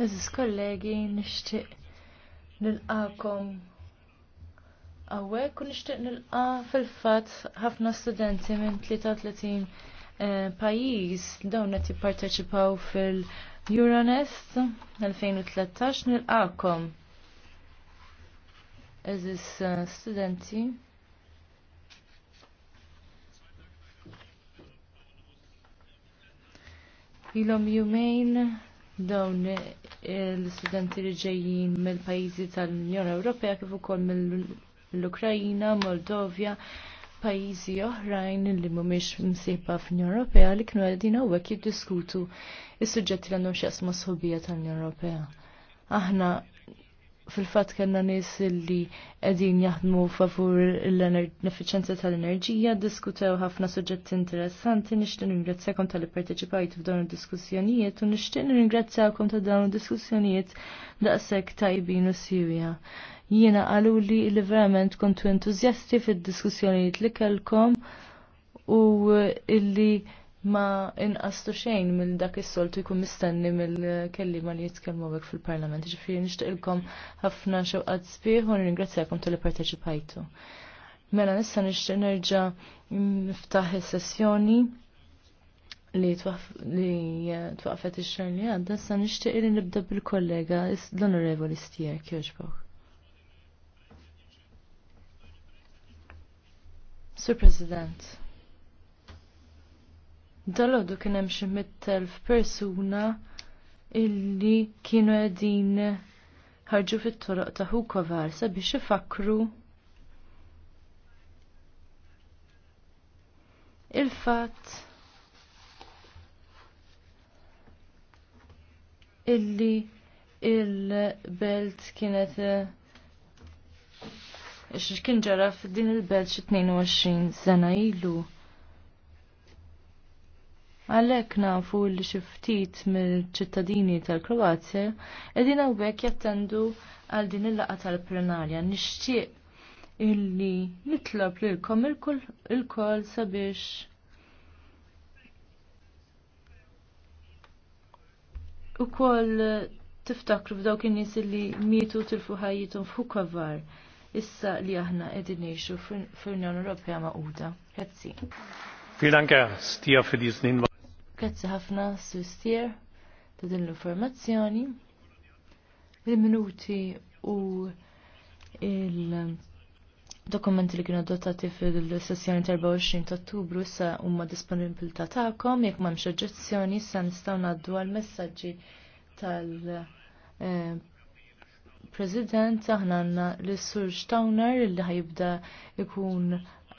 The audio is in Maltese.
Eżis kollegi, nixtieq nilqakom għawek u nixtieq nilqa fil fatt ħafna studenti minn 33 eh, pajjiż dawn qed parteċipaw fil-Euronest 2013 nilqakom. Eżis eh, studenti. Ilom jumejn dawn l-istudenti li ġejjin mill-pajjiżi tal-Unjoni Ewropea kif ukoll mill-Ukrajina, Moldovja, pajjiżi oħrajn li mhumiex msieba fl-Unjoni Ewropea li kienu qegħdin hawnhekk jiddiskutu s-suġġetti li għandhom x'jaqsma sħobija tal-Unjoni Ewropea. Aħna fil-fat kellna nies li qegħdin jaħdmu favur l-effiċenza tal-enerġija, diskutew ħafna suġġetti interessanti, nixtieq ningrazzjakom tal parteċipajt f'dawn id-diskussjonijiet u nixtieq ningrazzjakom ta' dawn id-diskussjonijiet daqshekk tajbin u sirja. Jiena qalu li li verament kontu entużjasti fid-diskussjonijiet li kellkom u illi ma inqastu xejn mill dak is-soltu jkun mistenni mill-kellima li jitkellmu hekk fil-Parlament. Ġifieri nixtieqilkom ħafna xewqat sbieħ u nirringrazzjakom tal parteċipajtu. Mela nista' nixtieq nerġa' niftaħ is-sessjoni li eh, twaqfet ix-xahar li għadda, sa nixtieq li nibda bil-kollega l-Onorevoli Stier Kirchbach. Sir President. Dalodu kien hemm xi mittelf persuna illi kienu qegħdin ħarġu fit-toroq ta' Hukovar sabiex ifakru il-fatt illi il-belt kienet eh, kien ġara f'din il-belt xi 22 sena ilu. Għalek nafu li xiftit mill-ċittadini tal-Kroazja edin għawbek jattendu għal din il-laqa tal-plenarja. Nishtiq illi nitlab lilkom il-kol sabiex u kol tiftakru f'dawk in-nies illi mietu tilfu ħajjithom f'Hukavar issa li aħna qegħdin ngħixu fl-Unjoni Ewropea Magħquda. Grazzi. Vielen Dank, Herr Stier, für diesen Hinweis. Grazzi ħafna Sustier ta' din l-informazzjoni. Il-minuti u il-dokumenti li kienu adottati fil-sessjoni 24 ta' ottubru issa huma ta' tagħkom jekk m'hemmx oġġezzjoni issa nistgħu ngħaddu għal messaġġi tal- eh, President aħna għanna l-Sur Stauner li ħajibda ikun